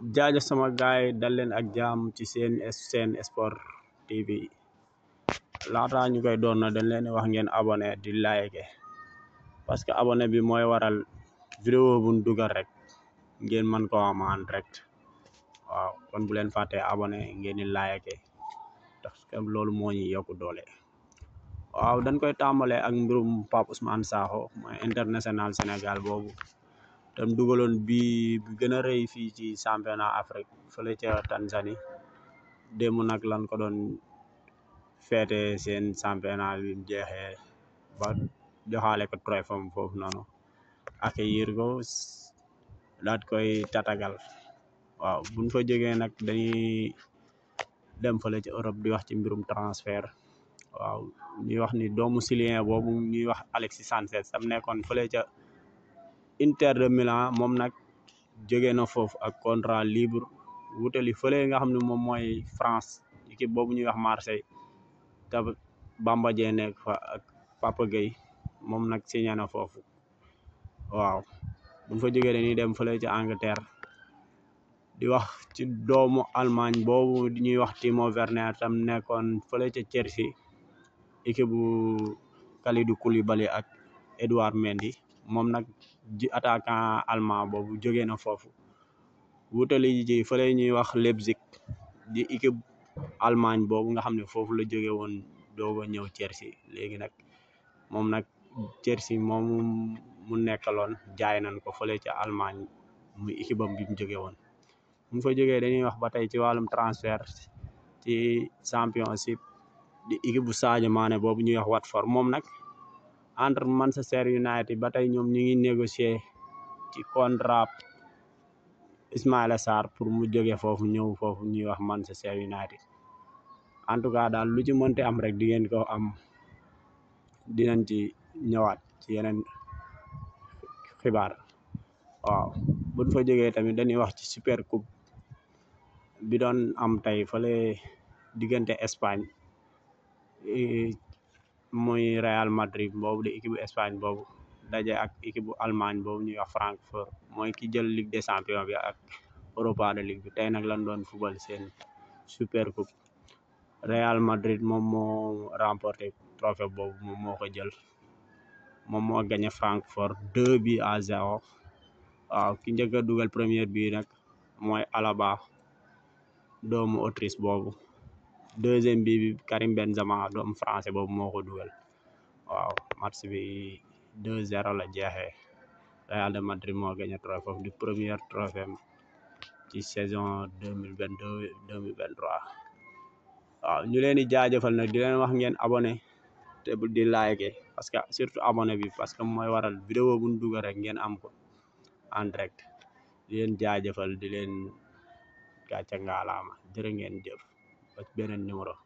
jaajëf sama gaay dal leen ak jaam ci seen seen sport tv laata ñu koy doon na dañ leen wax ngeen abone di like parce que abone bi mooy waral vidéo buñ dugal rek ngeen man ko amaan rek waaw kon bu leen fàttee abonné ngeen di like parce que loolu moo ñu yokku doole waaw dañ koy tàmbalee ak mbirum Pape Ousmane Sakho mooy international Sénégal boobu tam dugalon bi bi gëna a rëy fii ci championnat Afrique fële ca Tanzanie démb nag lan ko doon feete seen championnat bi jeexee ba joxaale ko trophée am foofu noonu accueillir ko daat koy tatagal waaw buñ fa jógee nag dañuy dem fële ci Europe di wax ci mbirum transfert waaw ñuy wax ni doomu silien boobu ñuy wax Alexis Sanchez tam nekkoon fële ca Inter de Milan moom nag jóge na foofu ak contrat libre wutali fële nga xam ne moom mooy France équipe boobu ñuy wax Marseille te Bamba Dieng fa ak Papa Gueye moom nag signé na foofu waaw buñ fa jógee dañuy dem fële ci Angleterre di wax ci doomu Allemagne boobu ñuy wax Timo Werner tam nekkoon fële ca Chelsea équipe bu Kalidou Koulibaly ak Edouard Mendy moom nag ji attaquant allemand boobu jógee na foofu wutali ji fële ñuy wax Leipzig di équipe Allemagne boobu nga xam ne foofu la jóge woon doog a ñëw Chelsea léegi nag moom nag Chelsea moomu mu nekkaloon jaay nañ ko fële ca Allemagne muy équipe am bi mu jóge woon mu fa jógee dañuy wax ba tey ci wàllum transfert ci championship di équipe bu Sadio Mané boobu ñuy wax Watford moom nag entre Manchester United ba tey ñoom ñu ngi négocier ci contrat Ismaïla Sarr pour mu jóge foofu ñëw foofu ñuy wax Manchester United en tout cas daal lu ci mënti am rek di ngeen ko am dinañ ci ñëwaat ci yeneen xibaar waaw buñ fa jógee tamit dañuy wax ci super coupe bi doon am tey fale diggante Espagne eh, mooy Real Madrid boobu de équipe bu boobu daje ak équipe bu Allemagne boobu ñuy wax Francfort mooy ki jël Ligue des champions bi ak Europa de League bi tey nag lan doon football seen super coupe Real Madrid moom moo remporté trophée boobu moom moo ko jël moom moo gagné deux bi à zéro waaw ki njëkk a dugal première bi nag mooy Alaba doomu Autriche boobu deuxième bii bi Karim Benzema doomu français boobu moo ko dugal waaw match bi deux zéro la jeexee Real de Madrid moo gagné trophée du premier trophée ci saison deux mille vingt deux deux mille vingt ñu leen di jaajëfal nag di leen wax ngeen abone te di like parce que surtout abonné bi parce que mooy waral vidéo bu ñu dugal rek ngeen am ko en direct di leen jaajëfal di leen gàcce ngaalaama jërë ngeen jëf وتبين النورا